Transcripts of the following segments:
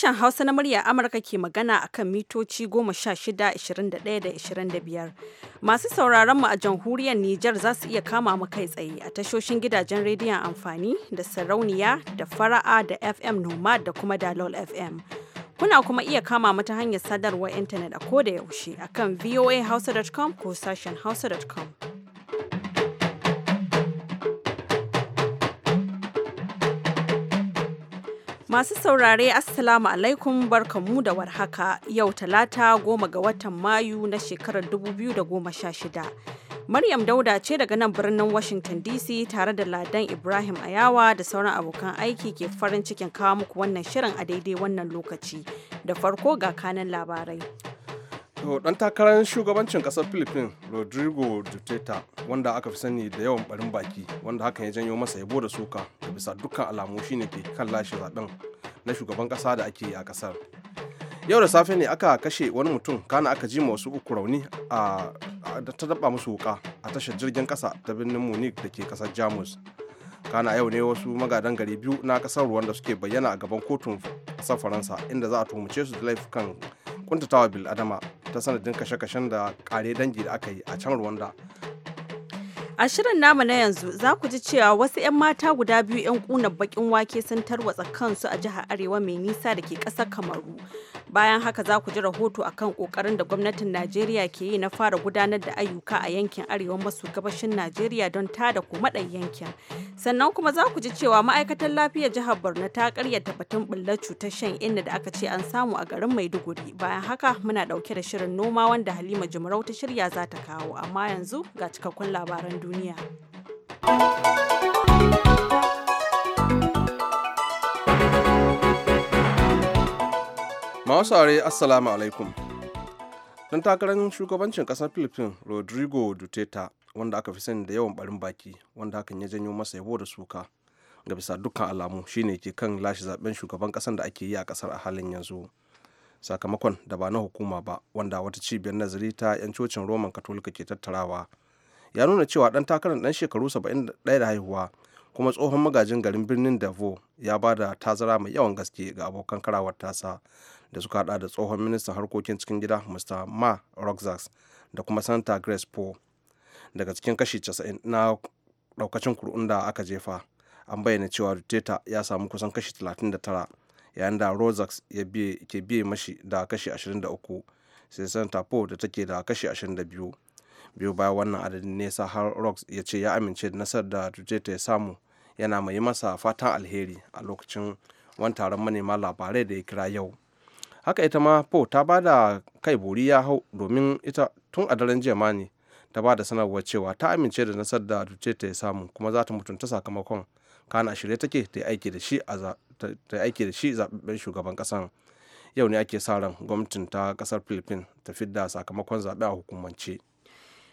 Sashen Hausa na murya Amurka ke magana akan mitoci 16, 21 da 25. Masu sauraron mu a jamhuriyar Nijar za su iya kama mu kai tsaye a tashoshin gidajen rediyon amfani da sarauniya da fara'a da FM Nomad da kuma Dalol FM. Kuna kuma iya kama mu ta hanyar sadarwar intanet a koda yaushe akan voahausa.com ko sashen hausa.com. Masu saurare Assalamu alaikum barkamu da warhaka yau talata goma ga watan Mayu na shekarar 2016. Maryam Dauda ce daga nan birnin Washington DC tare da Ladan Ibrahim Ayawa da sauran abokan aiki ke farin cikin kawo muku wannan shirin a daidai wannan lokaci. Da farko ga kanan labarai. To dan takarar shugabancin ƙasar Philippines Rodrigo Duterte wanda aka fi sani da yawan barin baki wanda hakan ya janyo masa yabo da suka da bisa dukkan alamu shine ke kan lashe zaɓen na shugaban ƙasa da ake yi a ƙasar yau da safe ne aka kashe wani mutum kana aka ji ma wasu uku rauni a ta daba musu wuka a tashar jirgin kasa ta birnin munich da ke kasar jamus kana yau ne wasu magadan gari biyu na kasar ruwan da suke bayyana a gaban kotun kasar faransa inda za a tumuce su da laifukan kuntatawa bil'adama ta sanadin kashe-kashen da kare dangi da aka yi a can ruwanda A shirin namu na yanzu za ku ji cewa wasu 'yan mata guda biyu 'yan kuna bakin wake sun tarwatsa kansu a jihar Arewa mai nisa da ke ƙasar Kamaru. Bayan haka za ku ji rahoto a kan ƙoƙarin da gwamnatin Najeriya ke yi na fara gudanar da ayyuka a yankin Arewa maso gabashin Najeriya don ta da kuma ɗan yankin. Sannan kuma za ku ji cewa ma'aikatan lafiyar jihar Borno ta karyata batun ɓullar cutar shan inna da aka ce an samu a garin Maiduguri. Bayan haka muna ɗauke da shirin noma wanda Halima Jumarau ta shirya za ta kawo amma yanzu ga cikakkun labaran duniya. duniya. Masu Assalamu alaikum. Dan takarar shugabancin kasar Philippines Rodrigo Duterte wanda aka fi sani da yawan barin baki wanda hakan ya janyo masa yabo da suka ga bisa dukkan alamu shine ke kan lashe zaben shugaban ƙasar da ake yi a ƙasar a halin yanzu sakamakon da ba na hukuma ba wanda wata cibiyar nazari ta 'yan cocin roman katolika ke tattarawa ya nuna cewa dan takarar dan shekaru 71 da haihuwa kuma tsohon magajin garin birnin davo ya ba da tazara mai yawan gaske ga abokan karawar tasa da suka hada da tsohon ministan harkokin cikin gida mr ma roxas da kuma santa grace po daga cikin kashi 90 na daukacin kur'un da aka jefa an bayyana cewa duteta ya samu kusan kashi 39 yayin da roxas ke biye mashi da kashi 23 sai santa po da take da kashi 22 biyu baya wannan adadin nesa har rocks ya ce ya amince da nasar da ta ya samu yana mai yi masa fatan alheri a lokacin wani taron manema labarai da ya kira yau haka ita ma po ta ba da kai buri ya hau domin ita tun a daren jiya ma ne ta ba da sanarwar cewa ta amince da nasar da ta ya samu kuma za ta mutunta sakamakon kana shirye take ta aiki da shi a aiki da shi zaɓen shugaban ƙasan yau ne ake sa ran gwamnatin ta ƙasar philippines ta fidda sakamakon zaɓe a hukumance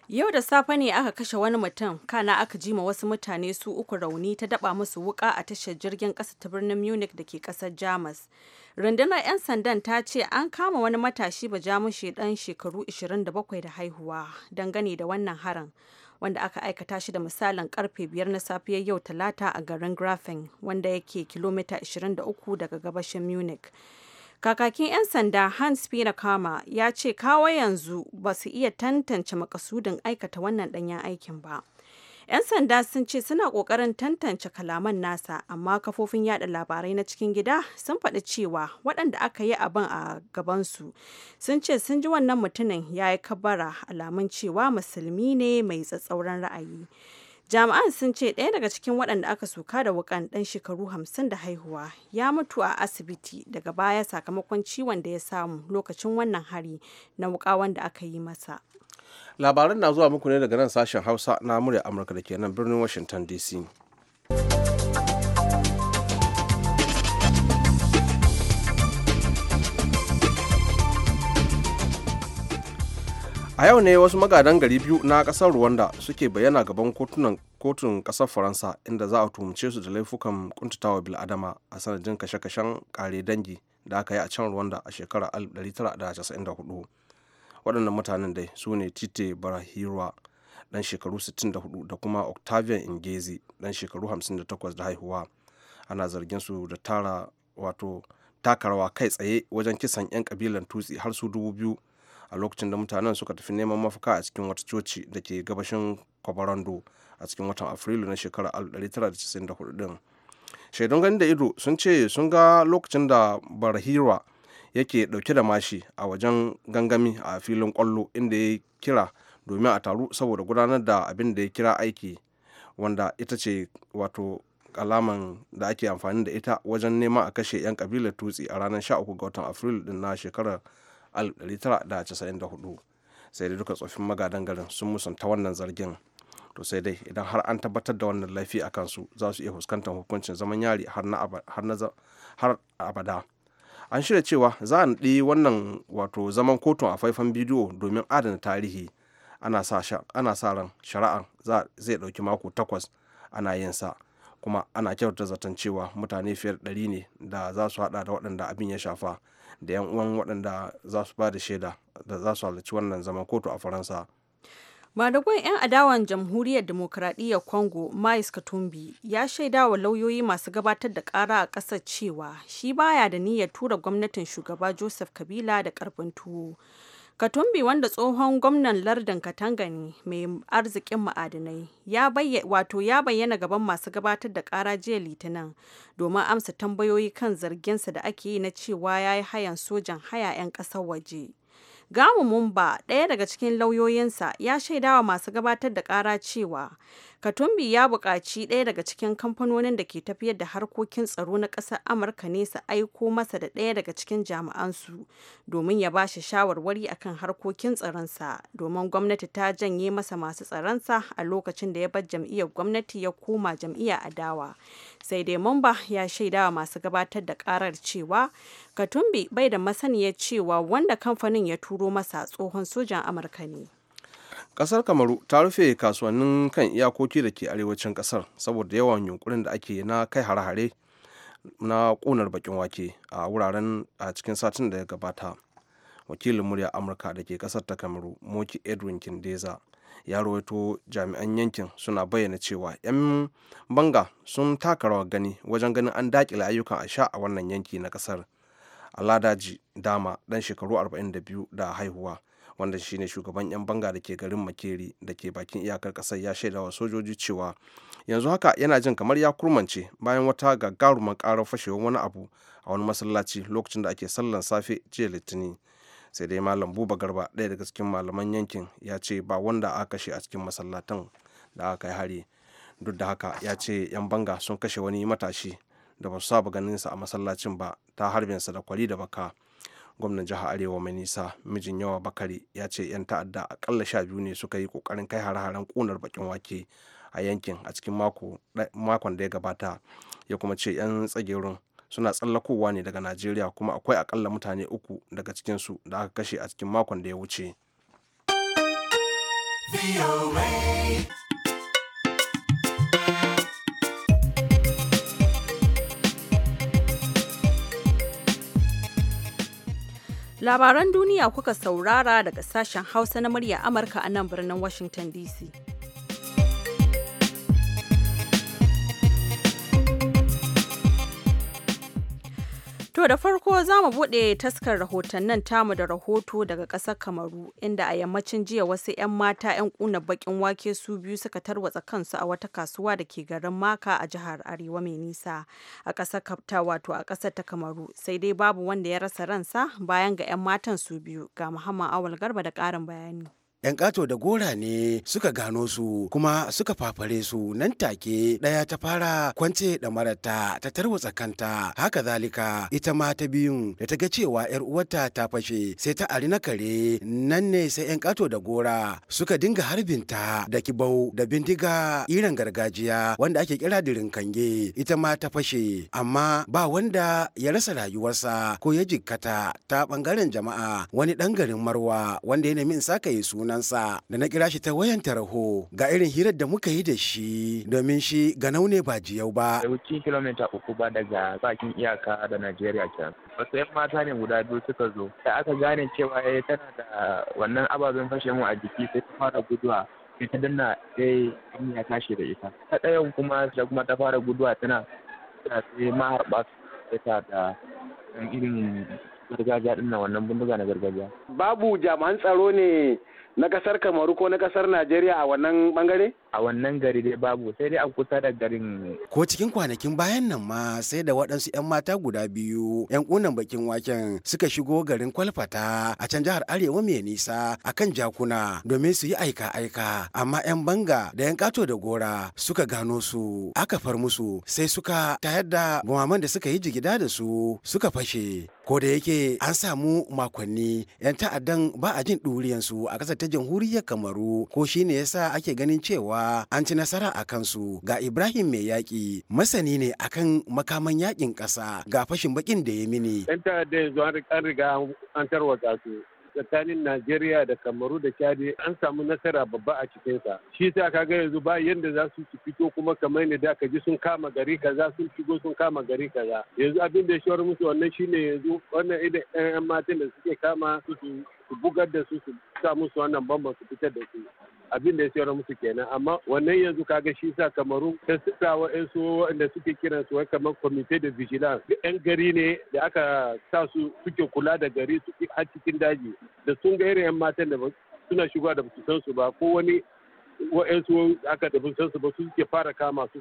Yau da safe ne aka kashe wani mutum, kana aka jima wasu mutane su uku rauni ta daba musu wuka a tashar jirgin ƙasa ta birnin Munich da ke ƙasar Jamus. Rundunar 'yan sandan ta ce an kama wani matashi ba bajamushe dan shekaru 27 da haihuwa dangane da wannan harin, wanda aka aikata shi da misalin karfe 5 na safiyar yau talata a garin grafen wanda yake kilomita 23 daga gabashin Munich. Kakakin 'yan sanda Hans Pina Kama ya ce kawai yanzu ba su iya tantance makasudin aikata wannan danyen aikin ba. 'Yan sanda sun ce suna kokarin tantance kalaman nasa, amma kafofin yada labarai na cikin gida sun faɗi cewa waɗanda aka yi abin a gabansu sun ce sun ji wannan mutumin ya yi kabara alamun cewa musulmi ne mai tsatsauran ra'ayi. jami'an sun ce ɗaya daga cikin waɗanda aka suka da wukan ɗan shekaru hamsin da haihuwa ya mutu a asibiti daga baya sakamakon ciwon da ya samu lokacin wannan hari na wuka wanda aka yi masa labaran na zuwa muku ne daga nan sashen hausa na murya amurka da ke nan birnin washington dc a yau ne wasu magadan gari biyu na kasar rwanda suke bayyana gaban kotunan kotun kasar faransa inda za a tuhumce su da laifukan kuntatawa biladama a sanadin kashe-kashen kare dangi da aka yi a can rwanda a shekarar 1994 waɗannan mutanen dai su ne tite barahirwa dan shekaru 64 da kuma octavian ingezi dan shekaru 58 da haihuwa ana zargin su da tara wato takarwa kai tsaye wajen kisan 'yan kabilan tutsi har su dubu biyu a lokacin da mutanen suka tafi neman mafaka a cikin wata coci da ke gabashin kwabarando a cikin watan afrilu na shekarar 1994 din shaidun gani da ido sun ce sun ga lokacin da barhira yake dauke da mashi a wajen gangami a filin kwallo inda ya kira domin a taru saboda gudanar da abin da ya kira aiki wanda ita ce wato alaman da ake amfani da ita wajen neman a kashe 'yan kabilar tutsi a ranar 13 ga watan afrilu din na shekarar 1994 sai dai duka tsofin magadan garin sun musanta wannan zargin to sai dai idan har an tabbatar da wannan laifi a kansu za su iya fuskantar hukuncin zaman yari har abada an shirya cewa za a naɗi wannan wato zaman kotun a faifan bidiyo domin adana tarihi ana sa ran shari'ar zai ɗauki mako takwas ana yin sa kuma ana kyauta zaton cewa mutane fiye da ɗari ne da za su haɗa da waɗanda abin ya shafa da 'yan uwan waɗanda za su ba da shaida da za su halarci wannan zaman kotu a faransa Madagon 'yan adawan jamhuriyar demokradiyyar Congo, Mais Katumbi, ya shaida wa lauyoyi masu gabatar da kara a ƙasar cewa shi baya da niyyar tura gwamnatin shugaba Joseph Kabila da ƙarfin tuwo. Katumbi wanda tsohon gwamnan lardin Katanga ne mai arzikin ma'adinai ya wato ya bayyana gaban masu gabatar da ƙara jiya litinin domin amsa tambayoyi kan zarginsa da ake yi na cewa ya yi hayan sojan haya 'yan ƙasar waje. Gamu Mumba, ɗaya daga cikin lauyoyinsa, ya shaidawa masu gabatar da ƙara cewa Katumbi ya buƙaci ɗaya daga cikin kamfanonin da ke tafiyar da harkokin tsaro na ƙasar Amurka ne su aiko masa da ɗaya daga cikin jami'ansu domin ya ba shi shawarwari akan harkokin tsaronsa domin gwamnati ta janye masa masu tsaronsa a lokacin da ya bar jam'iyyar gwamnati ya koma jam'iyya adawa. Sai dai Mamba ya shaidawa masu gabatar da ƙarar cewa Katumbi bai da masaniya cewa wanda kamfanin ya turo masa tsohon sojan Amurka ne. kasar kamaru ta rufe kasuwannin kan iyakoki da ke arewacin kasar saboda yawan yunkurin da ake na kai hare-hare na ƙunar bakin wake a wuraren a cikin satin da ya gabata wakilin murya amurka da ke kasar ta kamaru moki edwin kindeza ya rawaito jami'an yankin suna bayyana cewa 'yan banga sun taka rawar gani wajen ganin an dakile ayyukan asha a wannan yanki na kasar aladaji dama dan shekaru 42 da haihuwa wanda shine shugaban 'yan banga da ke garin makeri da ke bakin iyakar kasar ya shaida wa sojoji cewa yanzu haka yana jin kamar ya kurmance bayan wata gagarumar karar fashewar wani abu a wani masallaci lokacin da ake sallan safe jiya litinin sai dai malam buba garba ɗaya daga cikin malaman yankin ya ce ba wanda aka kashe a cikin masallatan da aka yi hari duk da haka ya ce 'yan banga sun kashe wani matashi da ba su saba sa a masallacin ba ta harbinsa da kwari da baka gwamnan jihar arewa mai nisa mijin yawa bakari ya ce 'yan ta'adda akalla sha biyu ne suka yi kokarin kai hare-haren kunar bakin wake a yankin a cikin makon da ya gabata ya kuma ce 'yan tsagerun suna tsallakowa ne daga najeriya kuma akwai akalla mutane uku daga cikinsu da aka kashe a cikin makon da ya wuce. Labaran duniya kuka saurara daga sashen Hausa na murya Amurka a nan birnin Washington DC. To da farko za mu buɗe taskar rahotannin tamu da rahoto daga ƙasar Kamaru inda a yammacin jiya wasu 'yan mata 'yan ƙuna baƙin wake su biyu suka tarwatsa kansu a wata kasuwa da ke garin Maka a jihar Arewa mai nisa a ƙasar Kapta wato a ƙasar ta Kamaru sai dai babu wanda ya rasa ransa bayan ga 'yan matan su biyu ga Muhammad Awal Garba da ƙarin bayani. 'yan ƙato da gora ne suka gano su kuma suka fafare su nan take ɗaya ta fara kwance da marata ta tarwatsa kanta haka zalika ita ma ta biyun da ta ga cewa 'yar uwarta ta fashe sai ta ari na kare nan ne sai 'yan ƙato da gora suka dinga harbinta da kibau da bindiga irin gargajiya wanda ake kira dirin kange ita ma ta fashe amma ba wanda ya rasa rayuwarsa ko ya jikkata ta bangaren jama'a wani ɗan garin marwa wanda ya nemi in saka ya suna sunansa da na kira shi ta wayan tarho ga irin hirar da muka yi da shi domin shi ganau ne ba jiyau ba. Da kilomita uku ba daga bakin iyaka da Najeriya ke. Wasu 'yan mata ne guda biyu suka zo da aka gane cewa ya eh, tana da wannan ababen fashe mu a jiki sai ta fara guduwa sai ta danna sai eh, ya tashi da ita. Ta ɗayan kuma ta kuma ta fara guduwa tana sai maharba su da irin gargajiya din wannan bindiga na gargajiya. Babu jami'an tsaro ne na kasar kamaru ko na kasar najeriya a wannan bangare a wannan gari dai babu sai dai a kusa da garin ko cikin kwanakin bayan nan ma sai da waɗansu 'yan mata guda biyu 'yan kunan bakin waken suka shigo garin kwalfata a can jihar arewa mai nisa a kan jakuna domin su yi aika-aika amma 'yan banga da 'yan kato da gora suka gano su aka far musu sai suka tayar da bumaman da suka yi jigida da su suka fashe ko da yake an samu makonni 'yan ta'addan ba a jin ɗuriyansu a ƙasar ta jamhuriyar kamaru ko shine yasa ake ganin cewa an ci nasara a kansu ga Ibrahim mai yaƙi masani ne akan makaman yaƙin ƙasa ga fashin bakin da ya mini. Yan ta'adda yanzu an riga an tarwatsa su. tsakanin Najeriya da Kamaru da Chadi an samu nasara babba a cikinsa. Shi sa ka ga yanzu ba yanda za su fito kuma kamar ne da ka ji sun kama gari kaza sun shigo sun kama gari kaza. Yanzu abin da ya shawar musu wannan shine yanzu wannan idan 'yan matan da suke kama su su bugar da su su sa musu wannan bamban su fitar da su abin da ya sayar musu kenan amma wannan yanzu kaga shi sa kamaru ta sa wa'ansu waɗanda suke kiran su wai kamar committee de vigilance yan gari ne da aka sa su suke kula da gari su a cikin daji da sun ga irin yan matan da suna shigowa da su san su ba ko wani wa'ansu aka da san su ba su suke fara kama su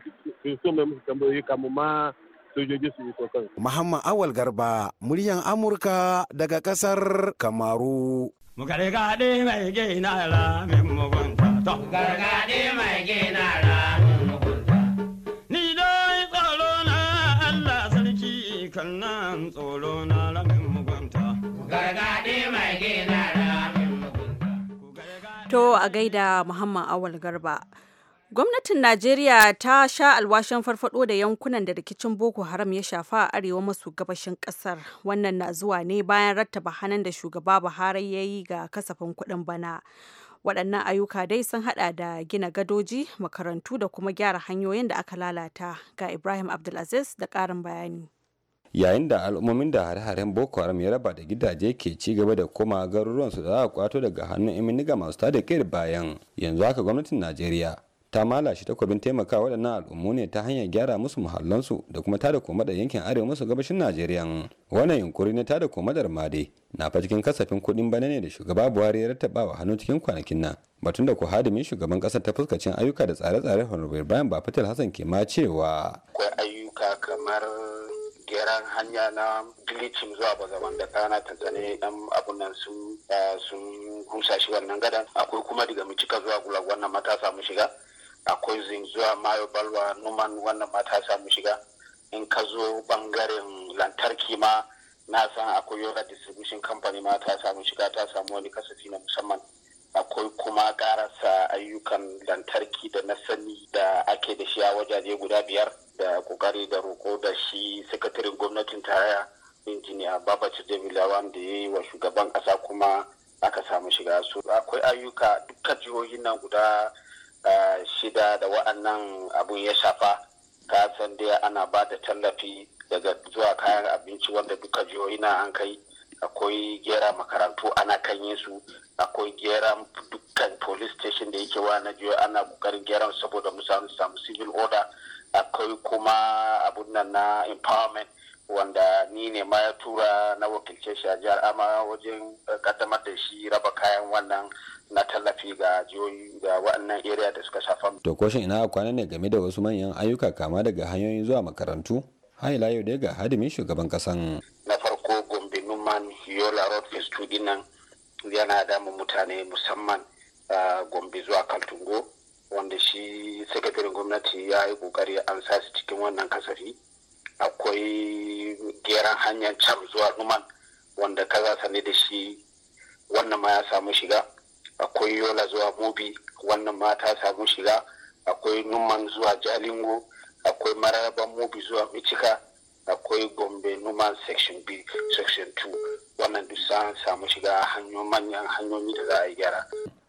so mai musu tambayoyi kamar ma sojoji su iso kansu. Muhammad Awal Garba, muryan Amurka daga kasar Kamaru. Mugargaɗe mai gina ra min mugunta. Mugargaɗe mai gina ra min mugunta. Ni dai tsoro na Allah sarki kan nan tsoro na ra min mugunta. Mugargaɗe mai gina ra min mugunta. To a gaida Muhammad Awal Garba. Gwamnatin Najeriya ta sha alwashin farfado da yankunan da rikicin Boko Haram ya shafa a arewa maso gabashin kasar. Wannan na zuwa ne bayan rattaba hannun da shugaba Buhari ya yi ga kasafin kuɗin bana. Waɗannan ayyuka dai sun haɗa da gina gadoji, makarantu da kuma gyara hanyoyin da aka lalata. Ga Ibrahim Abdulaziz da ƙarin bayani. yayin da al'ummomin da hare-haren boko haram ya raba da gidaje ke ci gaba da koma garuruwansu da za a kwato daga hannun iminiga masu tada kayar bayan yanzu haka gwamnatin najeriya ta mala shi takwabin taimaka waɗannan al'ummu ne ta hanyar gyara musu muhallansu da kuma tada da yankin arewa musu gabashin najeriya wannan yunkuri na tada komadar made na fa cikin kasafin kuɗin bana ne da shugaba buhari ya rattabawa hannu cikin kwanakin nan batun da ku hadimin shugaban ƙasar ta fuskacin ayyuka da tsare-tsare honorable bayan ba fatal hassan ke ma cewa akwai ayyuka kamar gyaran hanya na glitching zuwa bazaman da kana tanzani yan abun nan sun eh, sun rusa shi wannan gadan akwai kuma daga micika zuwa gulag wannan matasa mu shiga akwai zinzuwa mayo balwa numan wannan ma samu shiga in ka zo bangaren lantarki ma na san akwai yora distribution company ma ta samu shiga ta samu wani kasafi na musamman akwai kuma karasa ayyukan lantarki da na sani da ake da shi a wajaje guda biyar da kokari da roko da shi sakatarin gwamnatin tarayya injiniya babaci jamila wanda ya yi wa shugaban kasa kuma aka samu shiga su akwai ayyuka duka jihohin nan guda shida da wa'annan abun ya shafa ka san dai ana ba da tallafi daga zuwa kayan abinci wanda duka jihohi na an kai akwai gera makarantu ana kan su akwai gera dukkan police station da yake wa na jiyo ana kokarin gera saboda mu samu samu civil order akwai kuma abun nan na empowerment wanda ni ne ma ya tura na wakilce shi a jihar amma wajen eh, kaddamar da shi raba kayan wannan na tallafi ga jihohi ga waɗannan area da suka shafa. To koshin ina kwana ne game da wasu manyan ayyuka kama daga hanyoyin zuwa makarantu? Haila yau da ga hadimin shugaban kasan. Na farko Gombe Numan Yola Road Phase 2 dinnan yana damun mutane musamman Gombe zuwa Kaltungo wanda shi sakatarin gwamnati ya yi kokari an sa su cikin wannan kasafi. Akwai geran hanyar cam zuwa Numan wanda kaza sane da shi wannan ma ya samu shiga. akwai yola zuwa bobi wannan mata ta samu shiga akwai numan zuwa jalingo akwai mararaban mobi zuwa micika akwai gombe numan section b section 2 wannan duk sun samu shiga hanyoyin manyan hanyoyi da za a gyara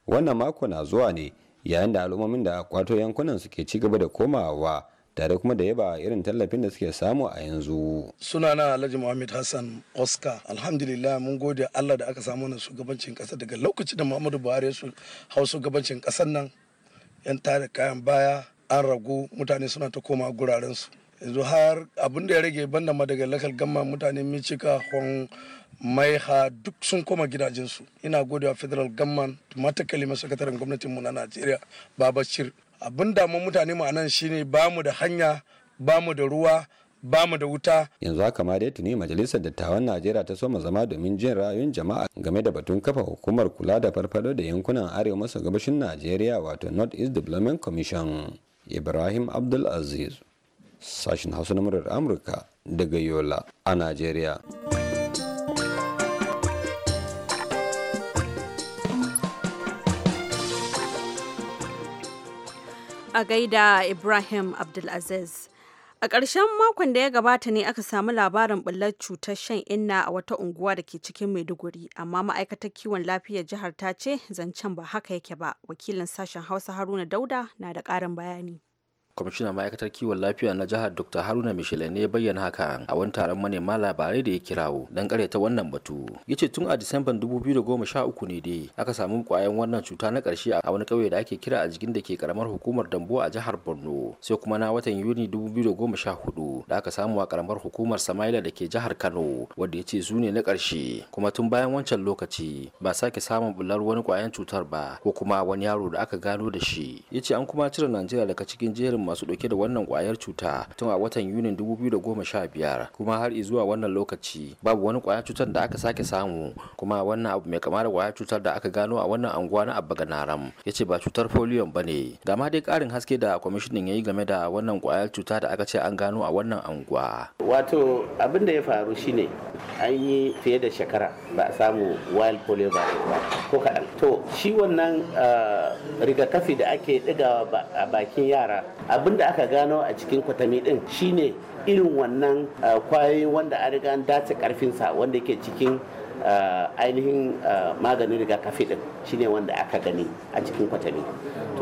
wannan mako na zuwa ne yayin da al'ummomin da kwato yankunan suke ci gaba da komawa tare kuma da yaba irin tallafin da suke samu a yanzu. Sunana Alhaji Muhammad Hassan Oscar. Alhamdulillah mun gode Allah da aka samu na shugabancin kasa daga lokacin da Muhammadu Buhari ya hau shugabancin kasar nan yan tare kayan baya an ragu mutane suna ta koma gurarensu Yanzu har abin da ya rage banda madagalakal gamma mutane hon mai ha duk sun koma gidajensu ina godewa federal gamman matakali sakataren gwamnatinmu na najeriya babashir abin damun mutane mu anan shine mu da hanya ba mu da ruwa ba mu da wuta yanzu haka ma dai tuni majalisar dattawan najeriya ta soma zama domin jin ra'ayoyin jama'a game da batun kafa hukumar kula da farfado da yankunan arewa maso gabashin najeriya wato north east development commission ibrahim abdulaziz sashen hausa na murar amurka daga yola a najeriya a gaida Ibrahim Abdulaziz. A ƙarshen makon da ya gabata ne aka samu labarin ɓullar cutar shan inna a wata unguwa da ke cikin Maiduguri, amma ma'aikatar kiwon lafiyar jihar ta ce zancen ba haka yake ba. Wakilin sashen Hausa Haruna Dauda na da ƙarin bayani. kwamishinan ma'aikatar kiwon lafiya na jihar dr haruna Michele ne ya bayyana haka a wani taron manema labarai da ya kirawo don karyata wannan batu ya ce tun a disamban 2013 ne dai aka samu kwayan wannan cuta na karshe a wani ƙauye da ake kira a jikin da ke karamar hukumar dambo a jihar borno sai kuma na watan yuni 2014 da aka samu a karamar hukumar samaila da ke jihar kano wadda ya ce su ne na karshe kuma tun bayan wancan lokaci ba sake samun bular wani kwayan cutar ba ko kuma wani yaro da aka gano da shi ya ce an kuma cire najeriya daga cikin jerin masu dauke da wannan kwayar cuta tun a watan yunin 2015 kuma har zuwa wannan lokaci babu wani kwayar cutar da aka sake samu kuma wannan abu mai kama da kwayar cutar da aka gano a wannan anguwa na abba ganaram ya ce ba cutar polio ba ne ga dai karin haske da kwamishinan ya yi game da wannan kwayar cuta da aka ce an gano a wannan anguwa wato abin da ya faru shine an yi fiye da shekara ba a samu wild polio ba ko kaɗan to shi wannan ah, rigakafi da ake ɗigawa a bakin yara a abin da aka gano a cikin kwatami din shine irin wannan uh, kwayoyi wanda an riga an dace karfinsa wanda yake cikin uh, ainihin uh, maganin rigakafi din shine wanda aka gani a cikin kwatami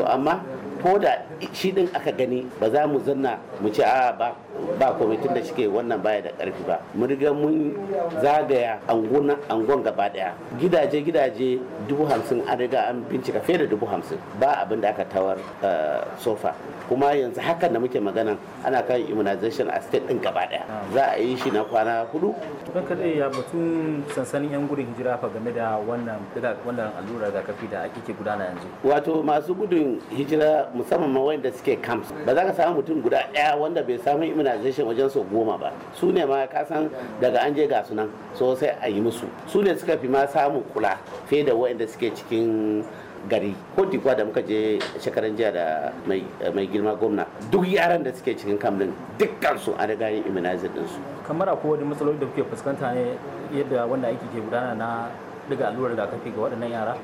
to amma ko da shi din aka gani ba za mu zanna mu ce a ba ba kwamitin da shike wannan baya da karfi ba mun riga mun zagaya angona angon gaba daya gidaje gidaje dubu hamsin an riga an bincika fiye da dubu hamsin ba abin da aka tawar eh, sofa kuma yanzu hakan da muke magana ana kan immunization a state din gaba daya za a yi shi na kwana hudu ban kadai ya batun sansanin yan gudun hijira fa game da wannan wannan allurar rigakafi da ake gudana yanzu wato masu gudun hijira musamman ma wanda suke camps ba za ka samu mutum guda ɗaya wanda bai samu immunization wajen su goma ba su ne ma ka san daga an je ga su nan so sai a yi musu su ne suka fi ma samun kula fiye da wanda suke cikin gari ko dikwa da muka je shekaran jiya da mai girma gwamna duk yaran da suke cikin kam din dukkan su an riga yin immunizer din su kamar akwai wani matsaloli da kuke fuskanta ne yadda wanda aiki ke gudana na daga allurar rigakafi ga waɗannan yara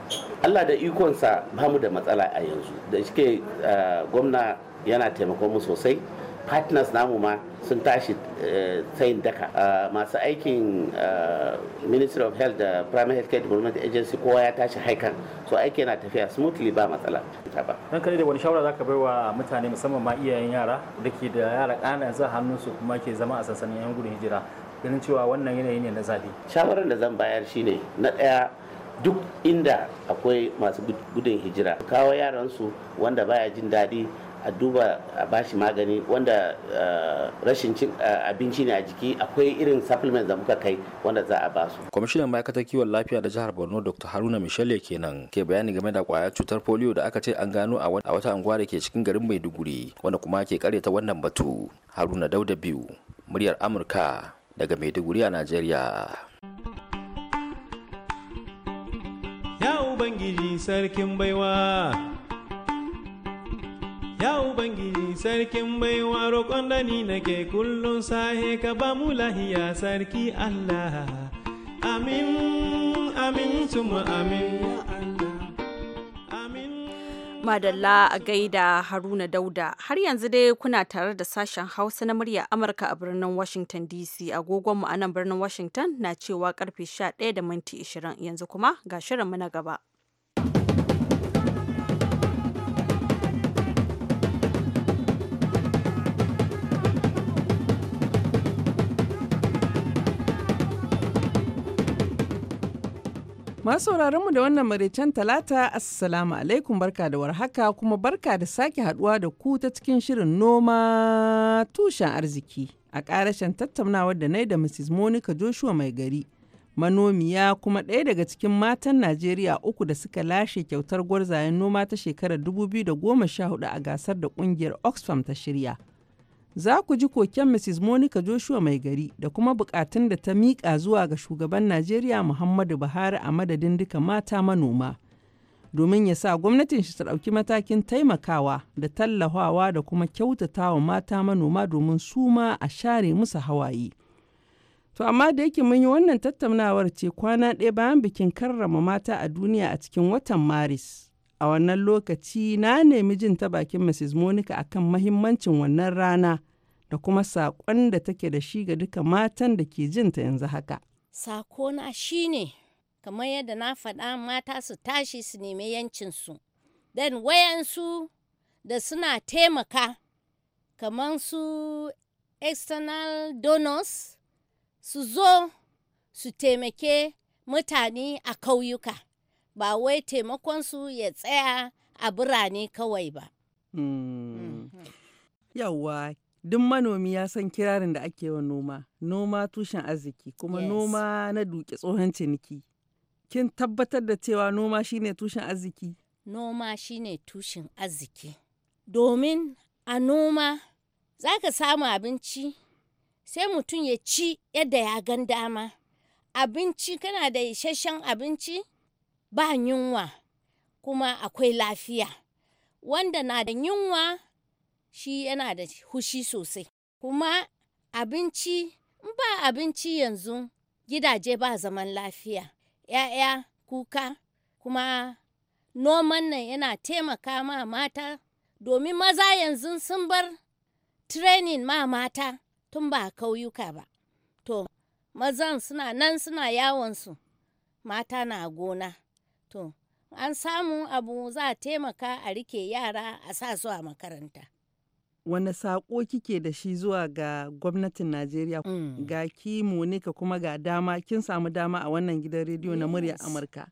allah da ikonsa ba mu da matsala a yanzu da ke eh, gwamna yana taimakon mu sosai partners namu ma sun tashi eh, tsayin daka eh, masu aikin ministry of health da primary health care development agency kowa ya tashi haikan so aiki yana tafiya smoothly ba matsala ba dan kare da wani shawara zaka bai wa mutane musamman ma iyayen yara da ke da yara ƙana yanzu hannunsu kuma ke zama a sansanin yan gudun hijira ganin cewa wannan yanayi ne na zaɓe shawarar da zan bayar shine na ɗaya duk inda akwai masu gudun hijira kawo yaransu wanda baya jin daɗi a duba a bashi magani wanda eh, rashin cin eh, abinci ne a jiki akwai irin supplement da muka kai wanda za a ba su. kwamishinan ma'aikatar kiwon lafiya da jihar borno dr haruna michelle kenan ke bayani game da kwayar cutar polio da aka ce an gano a wata anguwa da ke cikin garin maiduguri wanda kuma ke ta wannan batu haruna dauda biyu muryar amurka daga Maiduguri a Najeriya. Ya Ubangiji sarkin baiwa Ya Ubangiji sarkin baiwa roƙon da ni nake kullum sahe ka ba mu lahiya sarki Allah. Amin, amin, tuma amin. Madalla a gaida Haruna Dauda. Har yanzu dai kuna tare da sashen Hausa na murya Amurka a birnin Washington DC. agogon mu a nan birnin Washington na cewa karfe 11 da minti 20 yanzu kuma ga shirinmu na gaba. Masu mu da wannan maraicen talata assalamu alaikum barka da warhaka kuma barka da sake haduwa da ku ta cikin shirin noma tushen arziki a karashen tattaunawar da nai da Mrs. Monica Joshua mai gari. Manomiya kuma ɗaya daga cikin matan Najeriya uku da suka lashe kyautar gwarzayen noma ta shekarar 2014 a gasar da ƙungiyar Oxfam ta shirya. Za ku ji koken Mrs. Monica Joshua mai gari da kuma bukatun da ta miƙa zuwa ga shugaban Najeriya Muhammadu Buhari a madadin duka mata manoma. Domin ya sa gwamnatin shi ta ɗauki matakin taimakawa da tallafawa da kuma kyautatawa mata manoma domin su ma a share musu hawaye. To amma da yake mun yi wannan tattaunawar ce kwana ɗaya bayan bikin karrama mata a duniya a cikin watan Maris. A wannan lokaci na nemi jin ta bakin Mrs. Monica akan mahimmancin wannan rana da kuma saƙon da take da shi ga duka matan da ke jinta yanzu haka. Sakona ne kamar yadda na faɗa mata su tashi su nemi yancinsu. Dan wayansu da suna taimaka kamar su external donors su zo su taimake mutane a kauyuka. ba wai taimakonsu ya tsaya a birane kawai ba. Hmm. Mhm. Yawwa, duk manomi ya san kirarin da ake wa noma, noma tushen arziki, kuma noma na duke tsohon ciniki. Kin tabbatar da cewa noma shine tushen arziki? Noma shine tushen arziki. Domin a noma za ka samu abinci, sai mutum ya ci yadda ya gan dama. Abinci kana da isasshen abinci? ba yunwa kuma akwai lafiya wanda na da yunwa shi yana da hushi sosai kuma abinci in ba abinci yanzu gidaje ba zaman lafiya ‘ya'ya kuka kuma noman nan yana taimaka ma mata domin maza yanzu sun bar training ma mata tun ba kauyuka ba to mazan suna nan suna yawonsu mata na gona To, an samu abu za a taimaka a rike yara a sa su a makaranta. wani saƙo kike da shi zuwa ga gwamnatin Najeriya mm. ga ki Monika kuma ga dama kin samu dama a wannan gidan rediyo yes. na murya Amurka.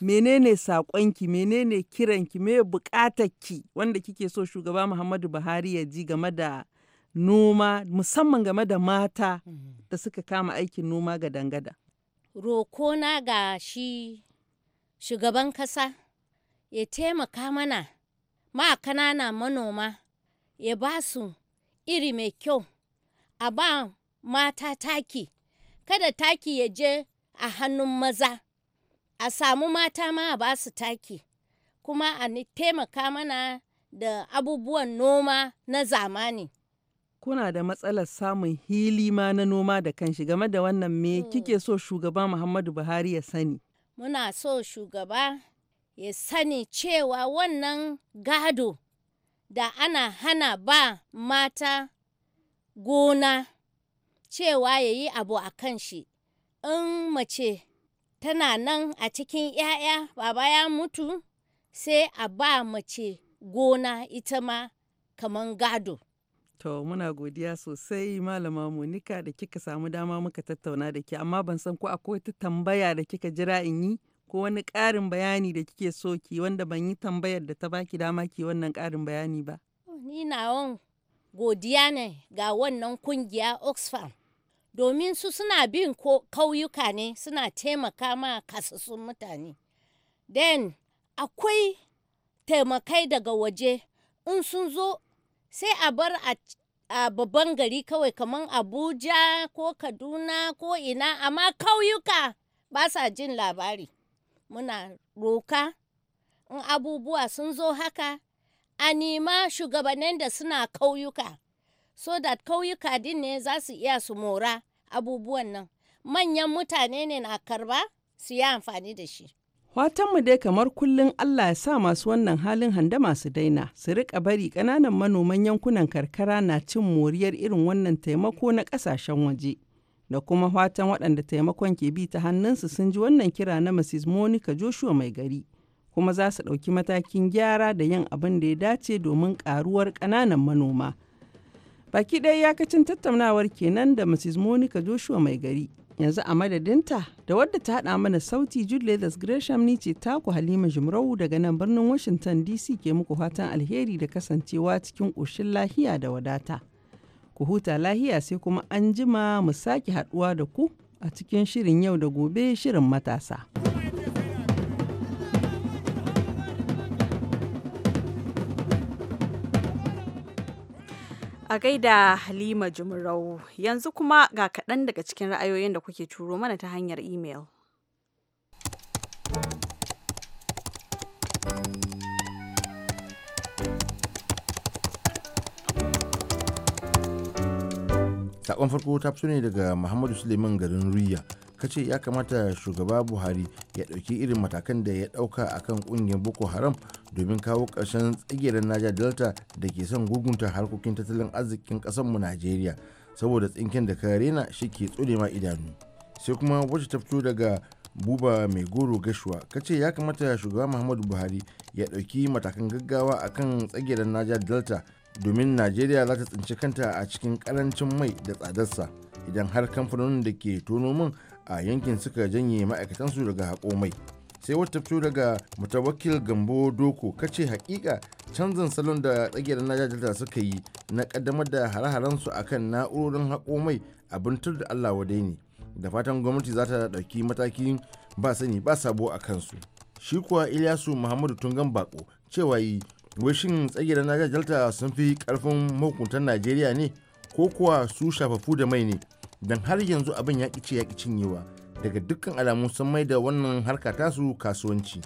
Menene saƙonki, menene kiranki, me buƙatarki wanda kike so shugaba Muhammadu Buhari ya ji game da noma musamman game da mata mm. da suka kama aikin noma ga dangada. Rokona ga shi shugaban ƙasa ya taimaka mana ma kanana manoma ya ba su iri mai kyau a ba mata taki kada taki ya je a hannun maza a samu mata ma a ba su taki kuma a taimaka mana da abubuwan noma na zamani kuna da matsalar samun hili ma na noma da kanshi game da wannan me mm. kike so shugaba muhammadu buhari ya sani muna so shugaba ya sani cewa wannan gado da ana hana ba mata gona cewa ya yi abu a kan shi in mace tana nan a cikin 'ya'ya baba ya mutu sai a ba mace gona ita ma kaman gado To muna godiya sosai malama Monika da kika samu dama muka tattauna da ke amma ban san ko akwai wata tambaya da kika jira in yi ko wani ƙarin bayani da kike so ki wanda ban yi tambayar da ta baki dama ki wannan ƙarin bayani ba. Ni wan godiya ne ga wannan kungiya Oxfam domin su suna bin kauyuka ne suna taimaka ma kasassun mutane. Den akwai taimakai daga waje in sun zo sai a bar a babban gari kawai kamar abuja ko kaduna ko ina amma kauyuka ba sa jin labari muna roka in abubuwa sun zo haka a nima shugabannin da suna kauyuka so that kauyuka din ne za su iya su mora abubuwan nan manyan mutane ne na karba su yi amfani da shi Fatanmu dai kamar kullum Allah ya sa masu wannan halin handa masu daina, su rika bari ƙananan manoman yankunan karkara na cin moriyar irin wannan taimako na ƙasashen waje. Da kuma fatan waɗanda taimakon ke bi ta hannunsu sun ji wannan kira na Mrs. Monica Joshua mai gari, kuma za su ɗauki matakin gyara da yin abin da ya dace domin ƙaruwar ƙananan manoma. Baki ɗaya yakacin tattaunawar kenan da Mrs. Monica Joshua mai gari. yanzu a madadinta da wadda ta haɗa mana sauti Jude Leathers Gresham ni ce taku Halima Jumrau daga nan birnin Washington DC ke muku fatan alheri da kasancewa cikin ƙoshin lahiya da wadata. Ku huta lahiya sai kuma an jima mu sake haɗuwa da ku a cikin shirin yau da gobe shirin matasa. A gaida Halima Jumrau yanzu kuma ga kaɗan daga cikin ra'ayoyin da kuke turo mana ta hanyar imel. Sakon farko ta fito ne daga Muhammadu Suleiman garin Riya. ka ce ya kamata shugaba buhari ya dauki irin matakan da ya ɗauka kan kungiyar boko haram domin kawo ƙarshen tsigirar naja delta da ke son gugunta harkokin tattalin arzikin ƙasarmu najeriya saboda tsinken da ka rena shi ke tsure ma idanu sai kuma wacce ta fito daga buba mai goro gashuwa ka ce ya kamata shugaba muhammadu buhari ya dauki matakan gaggawa a akan tsagirar naja delta domin najeriya za ta tsinci kanta a cikin karancin mai da tsadarsa idan har kamfanonin da ke tono min a yankin suka janye ma'aikatansu daga haƙomai sai wata fito daga mutawakil gambo doko kace hakika canzan salon da tsagiyar naja delta suka yi na kaddamar da hare-harensu akan na'urorin haƙomai abin tur da allah wadai ne da fatan gwamnati za ta ɗauki matakin ba sani ba sabo a kansu shi kuwa ilyasu muhammadu tungan baƙo cewa yi wishin tsagiyar naja delta sun fi ƙarfin mahukuntan najeriya ne ko kuwa su shafafu da mai ne don har yanzu abin ya ƙi ya ƙi cinyewa daga dukkan alamu sun mai da wannan harka tasu kasuwanci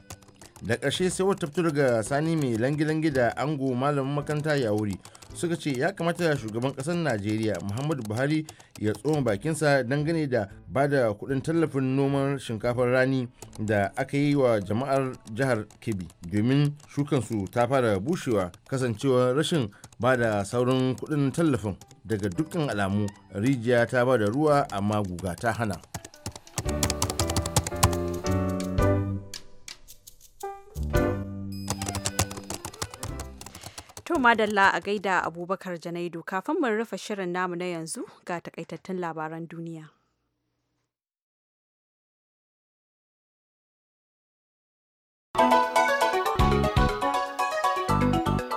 da ƙarshe sai wata fito daga sani mai langi-langi da ango malamin makaranta ya wuri suka ce ya kamata shugaban ƙasar najeriya muhammadu buhari ya tsoma bakinsa dangane da ba da kuɗin tallafin noman shinkafar rani da aka yi wa jama'ar jihar kebbi domin shukansu ta fara bushewa kasancewa rashin ba da saurin kudin tallafin daga dukkan alamu rijiya ta ba da ruwa amma guga ta hana To madalla a gaida abubakar janaidu kafin mu rufe shirin namu na yanzu ga takaitattun labaran duniya.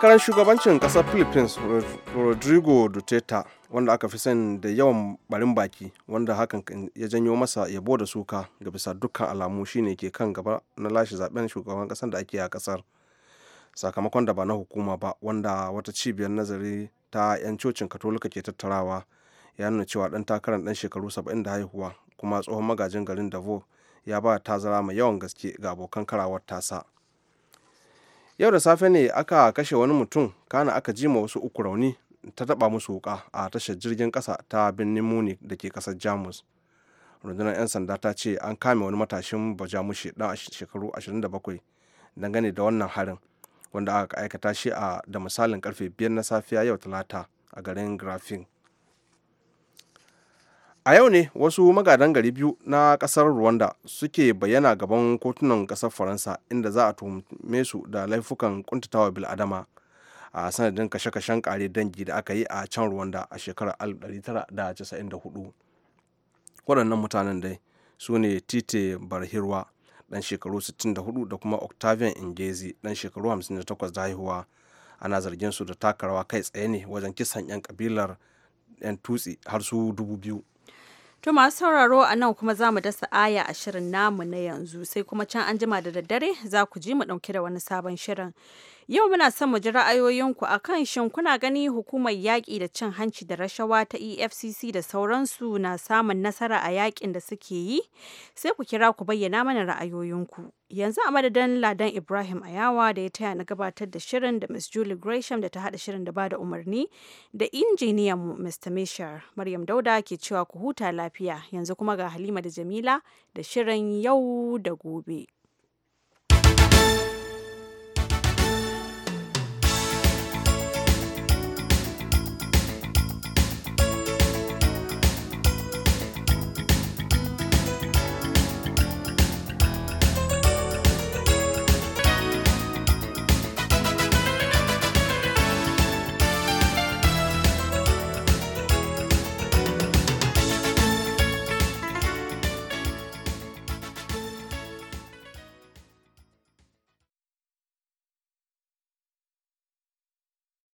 takarar shugabancin kasar philippines rodrigo duterte wanda aka fi sani da yawan barin baki wanda hakan ya janyo masa yabo da suka ga bisa dukkan alamu shine ke kan gaba na lashe zaben shugaban kasar da ake a kasar sakamakon da ba na hukuma ba wanda wata cibiyar nazari ta 'yan cocin katolika ke tattarawa ya nuna cewa dan takarar dan shekaru saba'in da haihuwa kuma tsohon magajin garin davo ya ba tazara mai yawan gaske ga abokan karawar tasa yau da safe ne aka kashe wani mutum kana aka ji ma wasu uku rauni ta taba musu wuka a tashar jirgin kasa ta birnin munich da ke kasar jamus rundunar 'yan sanda ta ce an kame wani matashin bajamushi dan shekaru 27 dangane da wannan harin wanda aka aikata shi a da misalin karfe 5 na safiya yau talata a garin grafin a yau ne wasu magadan gari biyu na kasar rwanda suke bayyana gaban kotunan kasar faransa inda za a tuhume su da laifukan kuntatawa bil'adama a sanadin kashe-kashen kare dangi da aka yi a can rwanda a shekarar 1994 waɗannan mutanen dai su ne tite barhirwa dan shekaru 64 da kuma octavian ingezi dan shekaru 58 da haihuwa ana zargin su da taka kai tsaye ne wajen kisan 'yan kabilar 'yan tutsi har su dubu biyu To masu sauraro a nan kuma za mu dasa aya a shirin namu na yanzu sai kuma can an jima da daddare za ku ji mu ɗauke da wani sabon shirin. Yau muna son mu ji ra'ayoyinku a kan shin kuna gani hukumar yaƙi da cin hanci da rashawa ta EFCC da sauransu na samun nasara a yaƙin da suke yi? Sai ku kira ku bayyana mana ra'ayoyinku. Yanzu a madadin Ladan Ibrahim Ayawa da ya taya na gabatar da shirin da Miss Julie Gresham da ta haɗa shirin da ba da umarni da injiniyan mu Mr. Mishar. Maryam Dauda ke cewa ku huta lafiya. Yanzu kuma ga Halima da Jamila da shirin yau da gobe.